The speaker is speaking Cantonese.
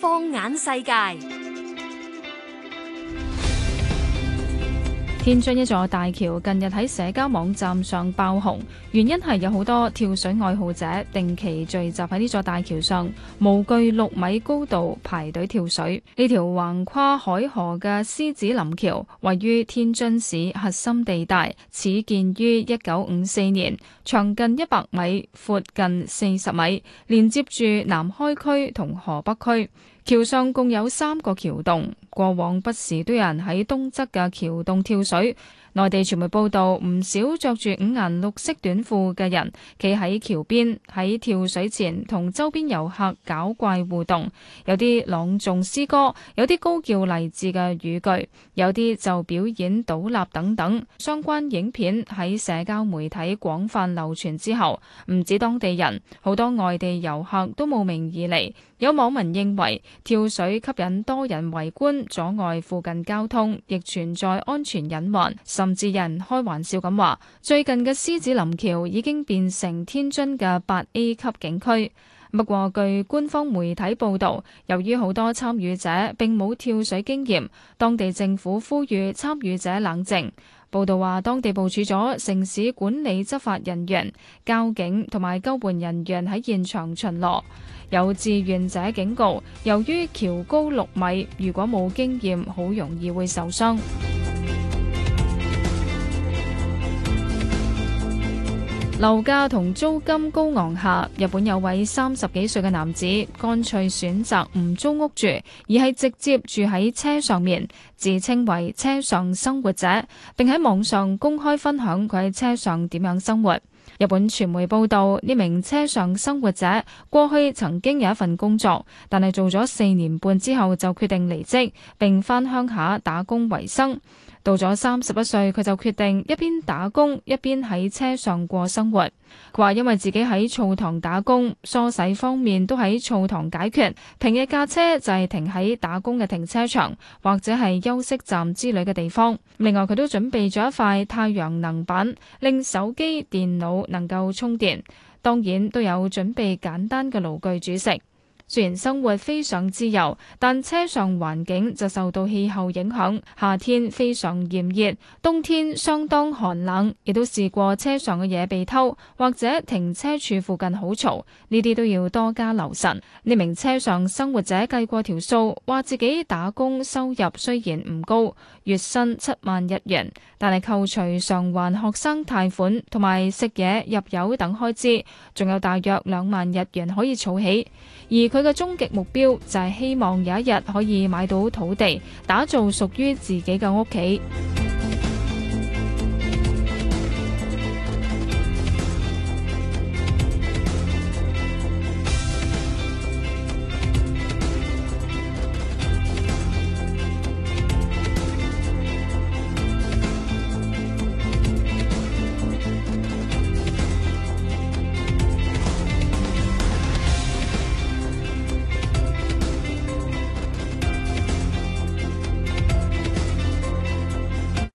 放眼世界。天津一座大橋近日喺社交網站上爆紅，原因係有好多跳水愛好者定期聚集喺呢座大橋上，無懼六米高度排隊跳水。呢條橫跨海河嘅獅子林橋，位於天津市核心地帶，始建於一九五四年，長近一百米，闊近四十米，連接住南開區同河北區。橋上共有三個橋洞，過往不時都有人喺東側嘅橋洞跳水。內地傳媒報道，唔少着住五顏六色短褲嘅人企喺橋邊，喺跳水前同周邊遊客搞怪互動，有啲朗誦詩歌，有啲高叫勵志嘅語句，有啲就表演倒立等等。相關影片喺社交媒體廣泛流傳之後，唔止當地人，好多外地遊客都慕名而嚟。有網民認為，跳水吸引多人圍觀，阻礙附近交通，亦存在安全隱患。林志仁開玩笑咁話：最近嘅獅子林橋已經變成天津嘅八 A 級景區。不過據官方媒體報道，由於好多參與者並冇跳水經驗，當地政府呼籲參與者冷靜。報道話，當地部署咗城市管理執法人員、交警同埋救援人員喺現場巡邏，有志願者警告：由於橋高六米，如果冇經驗，好容易會受傷。樓價同租金高昂下，日本有位三十幾歲嘅男子，乾脆選擇唔租屋住，而係直接住喺車上面，自稱為「車上生活者」，並喺網上公開分享佢喺車上點樣生活。日本傳媒報道，呢名車上生活者過去曾經有一份工作，但係做咗四年半之後就決定離職，並返鄉下打工為生。到咗三十一歲，佢就決定一邊打工一邊喺車上過生活。佢話因為自己喺澡堂打工，梳洗方面都喺澡堂解決。平日駕車就係停喺打工嘅停車場或者係休息站之類嘅地方。另外，佢都準備咗一塊太陽能板，令手機、電腦能夠充電，當然都有準備簡單嘅爐具煮食。雖然生活非常自由，但車上環境就受到氣候影響。夏天非常炎熱，冬天相當寒冷。亦都試過車上嘅嘢被偷，或者停車處附近好嘈。呢啲都要多加留神。呢名車上生活者計過條數，話自己打工收入雖然唔高，月薪七萬日元，但係扣除償還學生貸款同埋食嘢、入油等開支，仲有大約兩萬日元可以儲起。而佢嘅終極目標就係希望有一日可以買到土地，打造屬於自己嘅屋企。